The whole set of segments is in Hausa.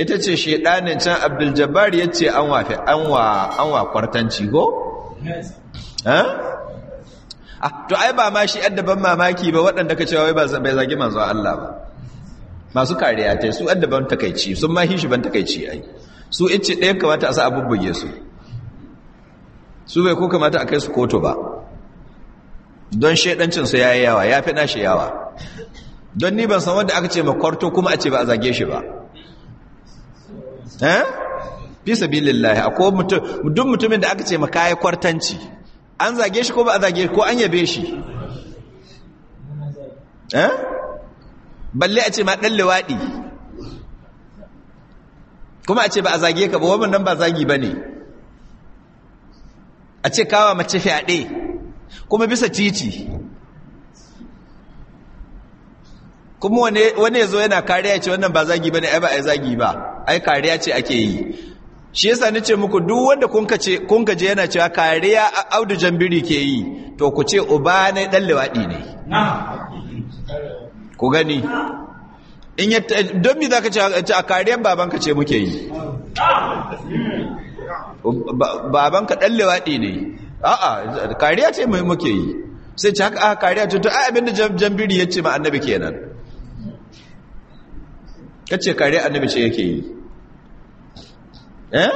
ita ce shaidanin can abdul jabbar ya ce an wafe an wa an wa kwartanci go ah, to ai ba ma shi addaban mamaki ba waɗanda ka cewa bai zagi manzo Allah ba masu kariya ta su addaban takaici sun ma hishi ban takaici ai su ice ɗaya kamata a sa abubbuge su su bai ko kamata a kai su koto ba don su ya yi yawa ya fi nashi yawa don ni ban san wanda aka ce makwarto kuma a ce ba a zage shi ba eh fi lillahi akwai mutum duk mutumin da aka ce makayi kwartanci an zage shi ko ba a zage ko an yabe shi eh? balle a ce ma ɗan lewaɗi kuma a ce ba a zage ka ba nan ba zagi ba ne? a ce kawa mace fyaɗe. kuma bisa titi kuma wani ya zo yana kariya ce wannan ba zagi ba ne ai ba yi zagi ba ai kariya ce ake yi shi yasa ce muku duk wanda kun ka kun yana cewa kariya Audu Jambiri ke yi to ku ce uba ne dan lewadi ne ku gani in ya don me zaka ce a kariyan babanka ce muke yi babanka dan lewadi ne a'a kariya ce muke yi sai ce haka a kariya ce to ai abinda Jambiri ya ce ma annabi kenan kace kare annabi ce yake yi eh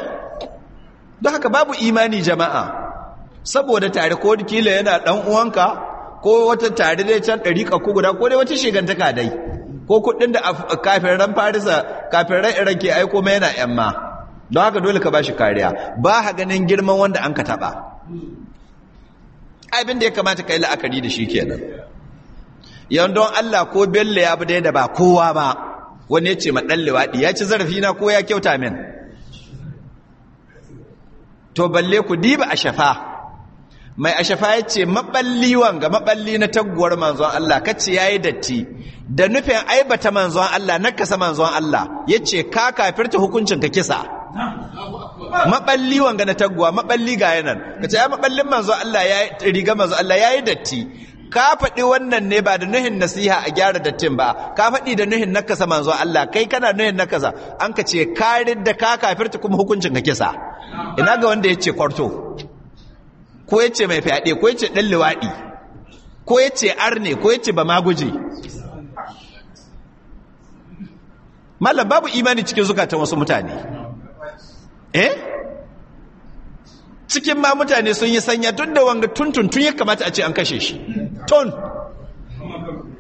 don haka babu imani jama'a saboda tare ko kila yana dan uwanka ko wata tare dai can dariƙa ko guda ko dai wata shigantaka dai ko kudin da ran farisa ran iran ke aiko mai yana yamma don haka dole ka bashi kariya ba ha ganin girman wanda an ka taba abin da ya kamata kai la'akari da shi kenan yan don Allah ko Bello ya bi da ba kowa ba wani ya ce maɗalle waɗi ya ci zarafi na ko ya kyauta min to balle ku diba a shafa mai shafa ya ce maɓalli wanga maɓalli na taguwar manzon Allah kacce ya yi datti da nufin aibata manzon Allah na kasa manzon Allah ya ce ka kafirta hukuncin ka kisa maɓalli wanga na taguwa maɓalli ga yanan ka ce ya maɓallin manzon Allah ya riga manzon Allah ya yi datti ka faɗi wannan ne ba da nuhin nasiha a gyara dattin ba ka faɗi da nuhin nakasa manzo Allah kai kana nuhin nakasa an ka ce karin da ka kafirta kuma hukuncin ka kisa ina ga wanda ya ce kwarto ko ya ce mai fyaɗe ko ya ce ɗan liwaɗi ko ya ce arne ko ya ce ba maguje Mallam babu imani cikin zukatan wasu mutane eh cikin ma mutane sun yi sanya tun da wanga tuntun tun ya kamata a ce an kashe shi ton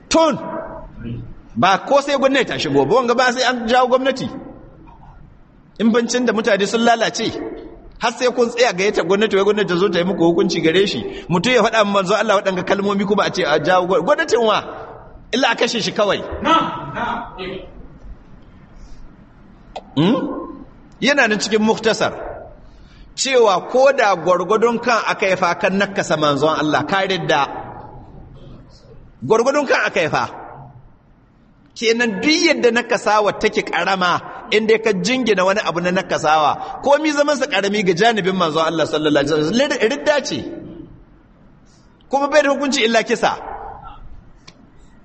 ton ba ko sai gwamnati ta shigo ba wanga ba sai an jawo gwamnati in bincin da mutane sun lalace har sai kun tsaya ga yata gwamnati wai gwamnati ta zo ta yi muku hukunci gare shi mutum ya faɗa manzo Allah waɗanga kalmomi kuma a ce a jawo gwamnatin wa illa a kashe shi kawai hmm? yana nan cikin muktasar cewa ko da gwargwadon kan aka yi fakan nakasa manzon Allah ka da gwargwadon kan aka yafa kenan duk yadda nakasawa take karama inda ka jingina wani abu na nakasawa komi zaman sa karami ga janibin manzo Allah sallallahu alaihi wasallam ridda ce kuma bai da hukunci illa kisa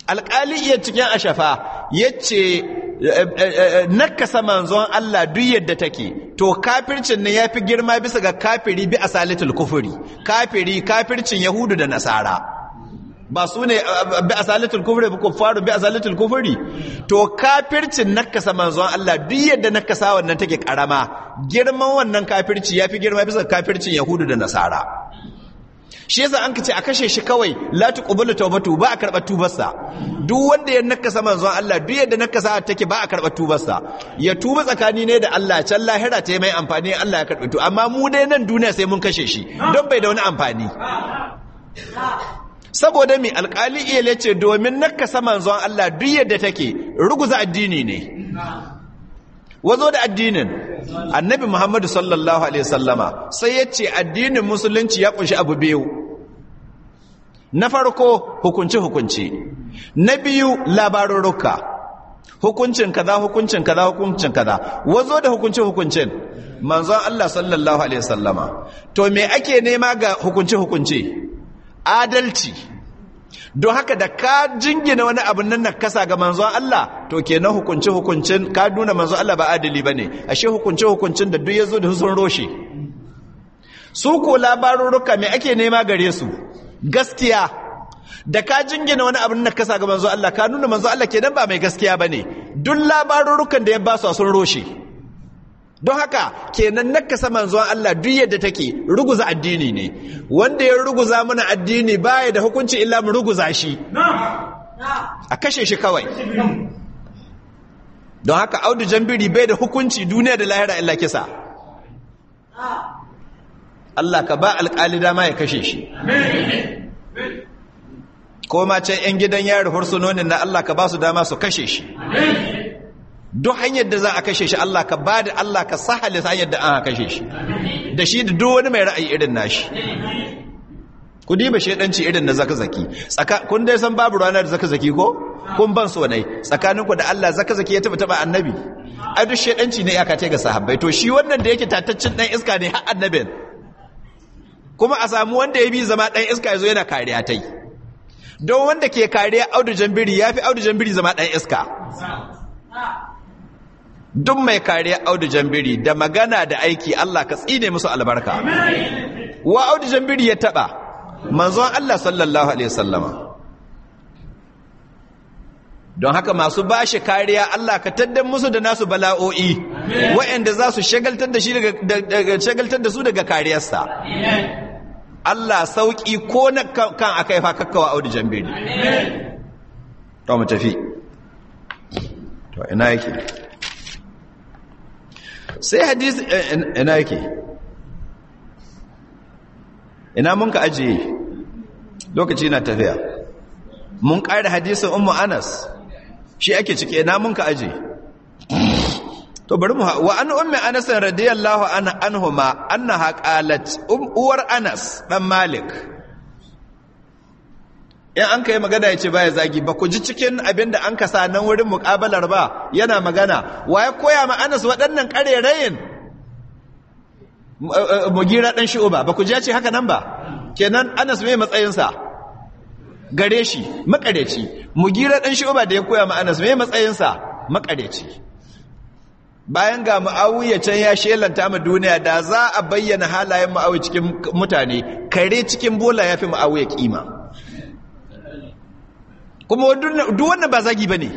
alƙali iya cikin ashafa yace eh, eh, eh, nakasa manzon Allah duk yadda take to kafircin ne yafi girma bisa ga kafiri bi asalatul kufuri kafiri kafircin yahudu da nasara ba su ne bi asalatul kufri ko faru bi asalatul kufri to kafircin nakasa manzon Allah duk yadda nakasa wannan take karama girman wannan kafirci yafi girma bisa kafircin yahudu da nasara shi yasa an ce a kashe shi kawai la tuqbalu tawbatu ba a karba sa duk wanda ya nakasa manzon Allah duk yadda nakasa take ba a karba sa ya tuba tsakani ne da Allah can lahira ta mai amfani Allah ya karbi to amma mu dai nan duniya sai mun kashe shi don bai da wani amfani saboda mai alkali iya lece domin na nakasa manzon Allah duk yadda take ruguza addini ne wazo da addinin annabi muhammadu sallallahu alaihi sallama sai ya ce addinin musulunci ya kunshi abu biyu na farko hukunci-hukunci na biyu labarin ruka hukuncin kaza hukuncin kaza hukuncin kaza wazo da hukunci-hukuncin manzon Allah sallallahu alaihi sallama to me ake nema ga hukunci-hukunci adalci don haka da ka jingina wani abin nan na kasa ga manzo Allah to kenan hukunci hukuncin ka nuna manzo Allah ba adali bane ashe hukunci hukuncin da duk yazo da sun roshe su ko labaruruka me ake nema gare su gaskiya da ka jingina wani abin na kasa ga manzo Allah ka nuna manzo Allah kenan ba mai gaskiya bane duk labarurrukan da ya ba su sun roshe don haka kenan nakasa manzon Allah duk yadda take ruguza addini ne wanda ya ruguza mana addini baya da hukunci illa mu ruguza shi a kashe shi kawai don haka audu jambiri bai da hukunci duniya da lahira illa kisa Allah ka ba alƙali dama ya kashe shi ko ma can 'yan gidan yari hursunonin na Allah ka ba su dama su kashe shi amin duk hanyar da za a kashe shi Allah ka ba da Allah ka sahalin hanyar da an kashe shi da shi da duk wani mai ra'ayi irin nashi ku diba shaidanci irin na zaki. kun dai san babu ranar zaki ko kun ban so nai tsakaninku da Allah zaka zaki ya taba taba annabi ai duk shaidanci ne ya ce ga sahabbai to shi wannan da yake tattacin dan iska ne har annabin kuma a samu wanda ya bi zama dan iska yazo yana kariya tai don wanda ke kariya audu jambiri fi audu jambiri zama dan iska duk mai kariya audu jambiri da magana da aiki Allah ka tsine musu albarka wa audu jambiri ya taba manzon Allah sallallahu alaihi wasallama don haka masu bashi kariya Allah ka taddan musu da nasu bala'o'i waɗanda za su shagaltar da shi daga shagaltar da su daga kariyarsa Allah sauki ko na kan akai fa kakkawa audu jambiri to mu tafi to ina yake sai hadisi eh, eh, ina yake ina mun ka ajiye lokaci na tafiya mun ƙara hadisin ummu anas shi ake cike ina mun ka ajiye to bari mu wa an ummi anas radiyallahu anhu ma annaha qalat um uwar anas dan malik in an ka yi magana ya ce baya zagi ba ku ji cikin abin da an ka sa nan wurin muƙabalar ba yana magana wa ya koya ma anas waɗannan rayin eh, eh, mugira ɗan shi'u ba ku ji ya ce haka nan ba kenan anas mai matsayinsa gare shi makareci mugira ɗan ba da ya koya ma anas mai matsayinsa makareci bayan ga ma'awiya can ya shelanta ma duniya da za a bayyana halayen ma'awiya cikin mutane kare cikin bola ya fi ma'awiya kima kuma duk wannan ba zagi ba ne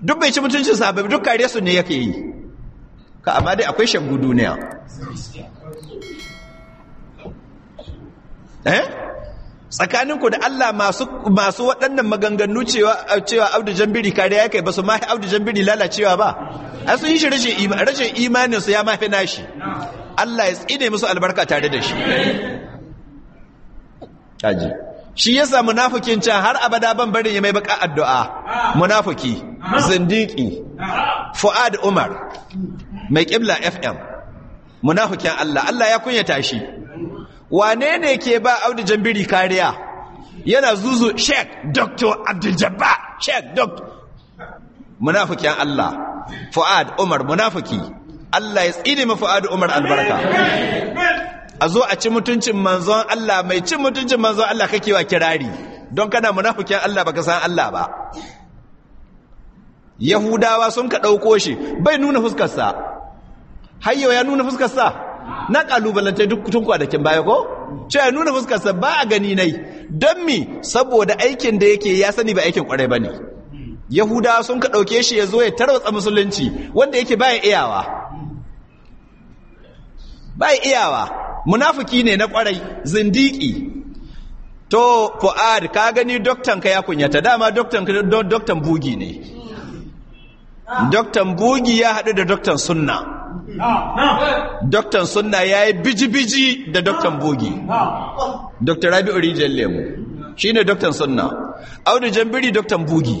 duk bai ci mutuncin sahabai duk kare su ne yake yi ka amma dai akwai gudu duniya eh tsakaninku da Allah masu masu waɗannan maganganu cewa cewa Abdu Jambiri kariya yake ba su ma Abdu Jambiri lalacewa ba a sun yi shi rashin rashin imanin su ya mafi nashi Allah ya tsine musu albarka tare da shi kaji shi yasa munafikin can har abada ban barin ya mai baka addu'a munafiki zindiki fuad umar mai kibla fm munafikin Allah Allah ya kunyata shi wane ne ke ba Audu Jambiri kariya yana zuzu Sheikh Dr. Abdul Jabbar Sheikh Dr. munafikin Allah fuad umar munafiki Allah ya tsine ma fuad umar albarka a zo a ci mutuncin manzon Allah mai cin mutuncin manzon Allah kake wa kirari don kana munafikin Allah baka san Allah ba Yahudawa sun ka ɗauko shi bai nuna fuskarsa hayyo ya nuna fuskarsa na kalubalanta duk da kin baya ko ce ya nuna fuskarsa ba a gani nai don mi saboda aikin da yake ya sani ba aikin kwarai ba ne Yahudawa sun ka ɗauke shi ya zo ya tarwatsa musulunci wanda yake baya iyawa baya iyawa munafiki ne na kwarai zindiki to fu'ad ka gani doktan ka ya kunyata dama doktan doktan bugi ne doktan bugi ya hadu da doktan sunna doktan sunna ya yi biji-biji da doktan bugi doktan rabi rijiyar lemu shi ne doktan sunna audu jambiri doktan bugi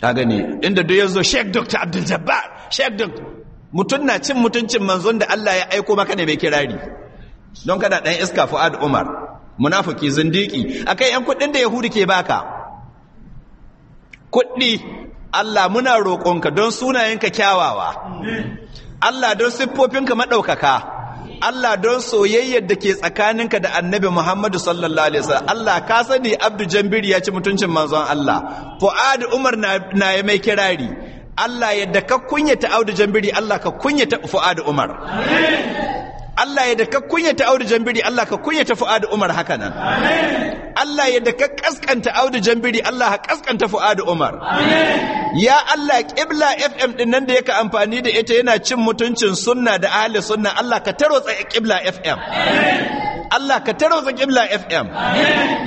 ta gani inda da ya zo sheik dokta abdul jabbar sheik doktan mutum na cin mutuncin manzon da Allah ya aiko maka ne bai kirari don kada ɗan iska fuad umar munafiki zindiki akai yan kuɗin da yahudi ke baka kuɗi Allah muna roƙonka don sunayenka kyawawa Allah don siffofinka maɗaukaka Allah don soyayyar da ke tsakaninka da annabi Muhammadu sallallahu Alaihi wasallam Allah ka sani Abdu Jambiri ya ci mutuncin manzon Allah Fu'ad Umar na, mai kirari Allah yadda ka kunyata Audu Jambiri Allah ka kunyata fu'adu Umar Allah yadda ka kunyata Audu Jambiri Allah ka kunyata fu'adu Umar haka nan Allah yadda ka kaskanta Audu Jambiri Allah ka kaskanta fu'adu Umar ya Allah ƙibla FM din nan da yake amfani da ita yana cin mutuncin sunna da ahli sunna Allah ka taro tsaye ƙibla FM Allah ka tarotsa kibla FM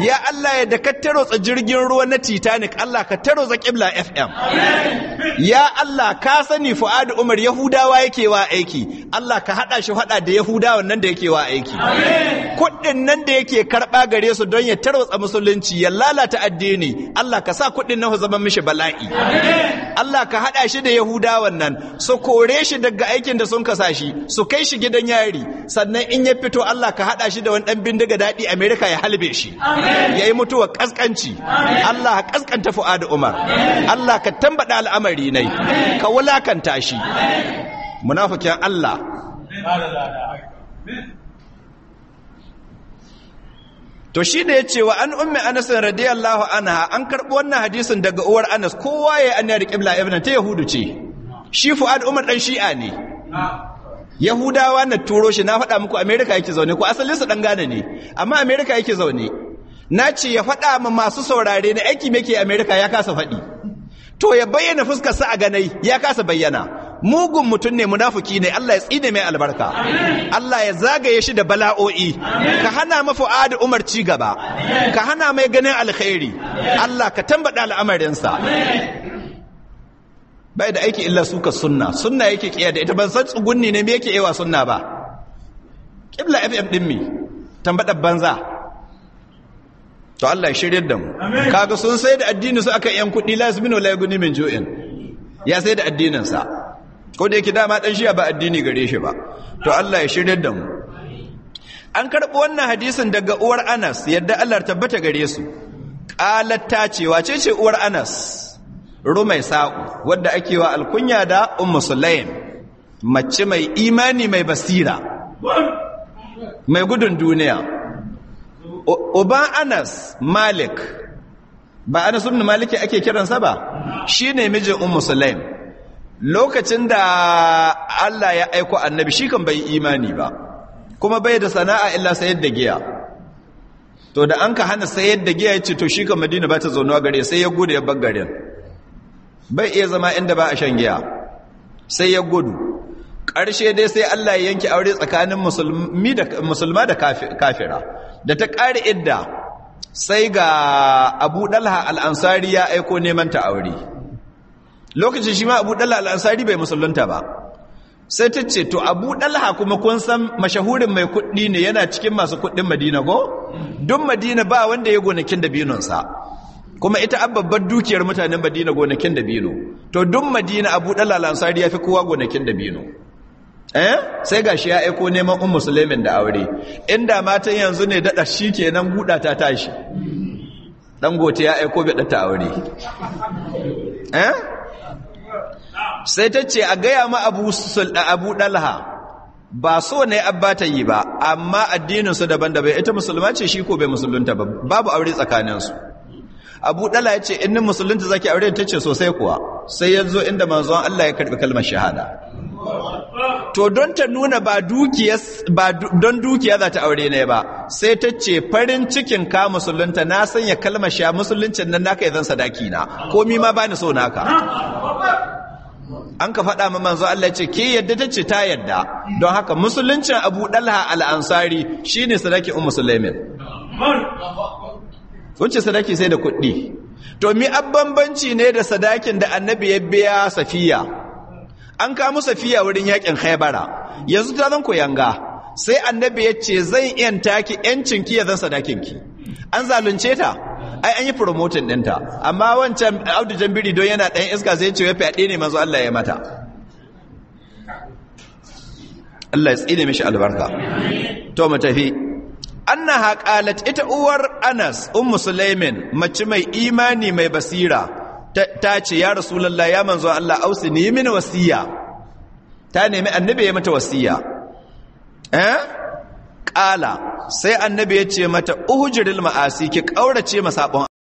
ya Allah da ka tarotsa jirgin ruwa na Titanic Allah ka tarotsa kibla FM ya Allah ka sani Fu'adu Umar Yahudawa yake wa aiki Allah ka haɗa shi haɗa da Yahudawa nan da yake wa aiki kuɗin nan da yake karɓa gare su don ya tarotsa musulunci ya lalata addini Allah ka sa kuɗin nan zama mishi bala'i Allah ka haɗa shi da Yahudawa nan su kore shi daga aikin da sun kasa shi su kai shi gidan yari sannan in ya fito Allah ka haɗa shi da wani dan bindiga daɗi Amerika ya halbe shi ya yi mutuwa ƙasƙanci. Allah ka Fu'a Fu'adu Umar Allah ka tambaɗa al'amari nai ka wulakanta shi Munafukin Allah to shi da ya ce wa an ummi anas radiyallahu anha an karɓi wannan hadisin daga uwar anas kowa ya yi yari qibla ibn ta yahudu ce shi fuad umar ɗan shi'a ne yahudawa na turo shi na faɗa muku amerika yake zaune ko asalinsa ɗan gane ne amma amerika yake zaune na ce ya faɗa ma masu saurare na aiki meke amerika ya kasa faɗi to ya bayyana fuskar sa a ganai ya kasa bayyana mugun mutum ne munafuki ne Allah ya tsine mai albarka Allah ya zagaye shi da bala'o'i ka hana ma fu'ad Umar ci gaba ka hana mai ganin alkhairi Allah ka tambada al'amarinsa bai da aiki illa suka sunna sunna yake kiya da ita ban san tsugunni ne me yake yawa sunna ba kibla fm din mi tambada banza to Allah ya shirye da mu kaga sun sai da addini su akan yan kudi last minute la yaguni min ju'in ya sai da addinin sa ko da yake dama dan shiya ba addini gare shi ba to Allah ya shirye da mu an karɓi wannan hadisin daga uwar Anas yadda Allah tabbata gare su qalat ta ce wace ce uwar Anas rumai sa'u wadda ake wa alkunya da umu mace mai imani mai basira mai gudun duniya Uba anas malik ba anas ibn malik ake kiransa ba ne mijin un musulman. lokacin da Allah ya aiko annabi shi kan bai imani ba kuma bai da sana'a illa sayar da giya to da an ka hana sayar da giya ya ce to shi kan madina ba ta zonuwa gare sai ya gudu ya bar garin bai iya zama inda ba a shan giya sai ya gudu ƙarshe dai sai Allah ya yanke aure tsakanin musulma da kafira da ta ƙari idda sai ga abu ɗalha al'ansari ya aiko neman ta aure lokacin shi ma abu ɗalha al'ansari bai musulunta ba sai ta ce to abu ɗalha kuma kun san mashahurin mai kuɗi ne yana cikin masu kuɗin madina go? don madina ba wanda ya gonakin da binonsa kuma ita ababbar dukiyar mutanen madina gonakin da dabino to duk madina abu dalal ansari ya fi kowa gonakin da biyu eh sai gashi ya aiko neman ummu sulaimin da aure inda matan yanzu ne dada kenan guda ta tashi gote ya aiko bi data aure eh sai ta ce a gaya ma abu abu dalha ba so ne abba ta yi ba amma addininsu daban-daban ita musulma ce shi ko bai musulunta ba babu aure tsakaninsu abu dala ya ce innin musulunta zaki aure ta ce sosai kuwa sai ya zo inda manzon Allah ya karbi kalmar shahada to don ta nuna ba dukiya ba don dukiya za ta aure ne ba sai ta ce farin cikin ka musulunta na sanya kalmar sha musuluncin nan naka zan sadaki na komi ma bani so naka an ka faɗa ma manzo Allah ce ke yadda ta ce ta yadda don haka musuluncin Abu Dalha al-Ansari shine sadaki ummu Sulaimin wuce sadaki sai da kuɗi to mi bambanci ne da sadakin da annabi ya biya safiya an kamu safiya wurin yakin haibara yanzu ta zan yanga sai annabi ya ce zan iyan taki yancin ki ya zan sadakin ki an zalunce ta ai an yi promoting ɗinta amma wancan audu jambiri don yana ɗan iska zai ce ya fyaɗe ne manzo Allah ya mata Allah ya tsine mishi albarka to mu tafi annaha qalat ita uwar Anas ummu Sulaimin mace mai imani mai basira ta ce ya rasulullahi ya manzo Allah ausi ni mini wasiya ta nemi annabi ya mata wasiya eh qala sai annabi ya ce mata uhjiril ma'asi ki kaurace masabon